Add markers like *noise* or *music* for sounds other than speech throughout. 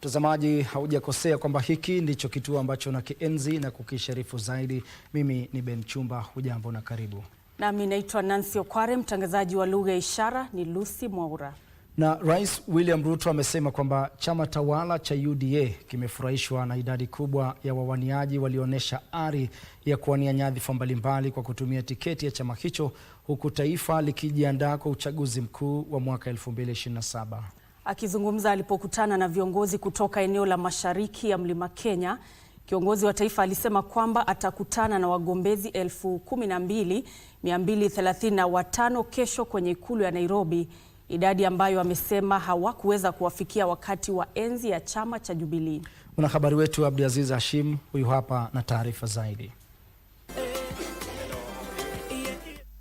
Mtazamaji, haujakosea kwamba hiki ndicho kituo ambacho na kienzi na kukisharifu zaidi. Mimi ni Ben Chumba, hujambo na karibu. Nami naitwa Nancy Okware, mtangazaji wa lugha ya ishara ni Lucy Mwaura. Na Rais William Ruto amesema kwamba chama tawala cha UDA kimefurahishwa na idadi kubwa ya wawaniaji walioonyesha ari ya kuwania nyadhifa mbalimbali kwa kutumia tiketi ya chama hicho huku taifa likijiandaa kwa uchaguzi mkuu wa mwaka 2027. Akizungumza alipokutana na viongozi kutoka eneo la Mashariki ya Mlima Kenya, kiongozi wa taifa alisema kwamba atakutana na wagombezi 12,235 kesho kwenye ikulu ya Nairobi, idadi ambayo amesema hawakuweza kuwafikia wakati wa enzi ya chama cha Jubilee. Mwanahabari wetu Abdiaziz Hashim huyu hapa na taarifa zaidi.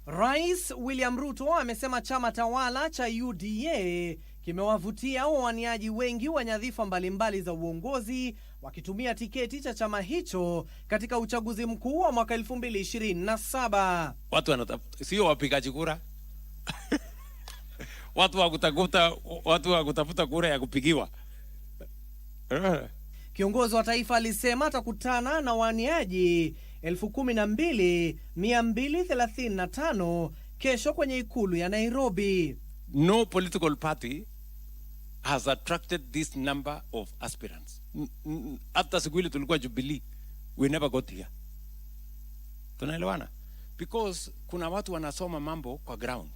Rais William Ruto amesema chama tawala cha UDA kimewavutia wawaniaji wengi wa nyadhifa mbalimbali za uongozi wakitumia tiketi cha chama hicho katika uchaguzi mkuu wa mwaka 2027. Watu wanatafuta sio wapigaji kura *laughs* watu wa kutafuta watu wa kutafuta kura ya kupigiwa. *laughs* Kiongozi wa taifa alisema atakutana na waniaji 12235 kesho kwenye ikulu ya Nairobi. No political party has attracted this number of aspirants. After siku ile tulikuwa Jubilee, we never got here. Tunaelewana? Because kuna watu wanasoma mambo kwa ground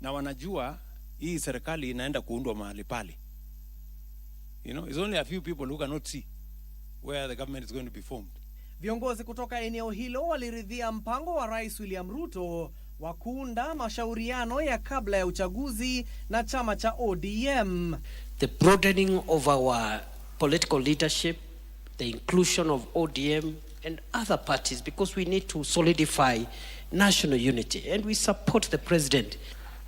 na wanajua hii serikali inaenda kuundwa mahali pale. You know, it's only a few people who cannot see where the government is going to be formed. Viongozi kutoka eneo hilo waliridhia mpango wa Rais William Ruto wa kuunda mashauriano ya kabla ya uchaguzi na chama cha ODM. The broadening of our political leadership, the inclusion of ODM and other parties because we need to solidify national unity and we support the president.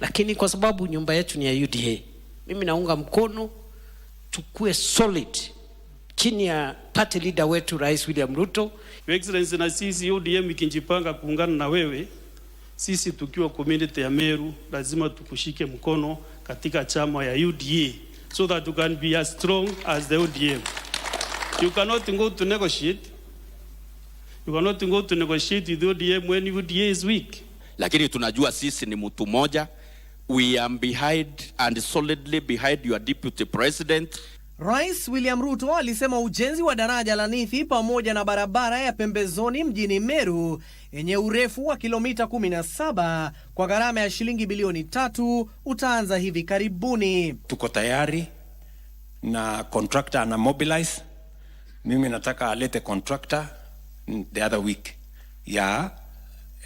Lakini kwa sababu nyumba yetu ni ya UDA, mimi naunga mkono tukue solid chini ya party leader wetu Rais William Ruto. Your Excellency, na sisi UDM ikijipanga kuungana na wewe sisi tukiwa community ya Meru lazima tukushike mkono katika chama ya UDA so that you can be as strong as the UDA. You cannot go to negotiate. You cannot go to negotiate with UDA when UDA is weak. Lakini tunajua sisi ni mtu mmoja. We are behind and solidly behind your deputy president. Rais William Ruto alisema ujenzi wa daraja la Nithi pamoja na barabara ya pembezoni mjini Meru yenye urefu wa kilomita 17 kwa gharama ya shilingi bilioni tatu utaanza hivi karibuni. Tuko tayari na contractor ana mobilize. Mimi nataka alete contractor the other week ya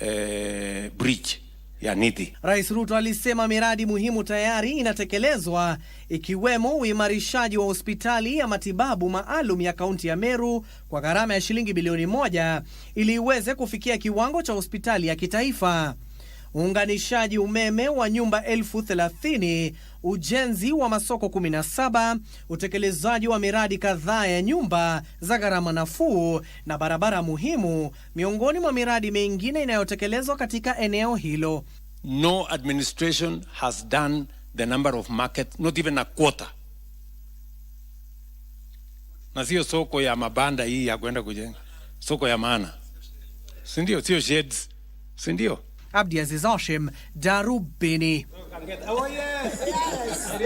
eh, bridge ya niti. Rais Ruto alisema miradi muhimu tayari inatekelezwa ikiwemo uimarishaji wa hospitali ya matibabu maalum ya kaunti ya Meru kwa gharama ya shilingi bilioni moja ili iweze kufikia kiwango cha hospitali ya kitaifa uunganishaji umeme wa nyumba elfu thelathini, ujenzi wa masoko 17, utekelezaji wa miradi kadhaa ya nyumba za gharama nafuu na barabara muhimu, miongoni mwa miradi mingine inayotekelezwa katika eneo hilo. No administration has done the number of market, not even a quarter. Na sio soko ya mabanda hii ya kwenda kujenga, soko ya maana, si ndio? Sio sheds, si ndio? عبدی از ازاشم دارو بینی.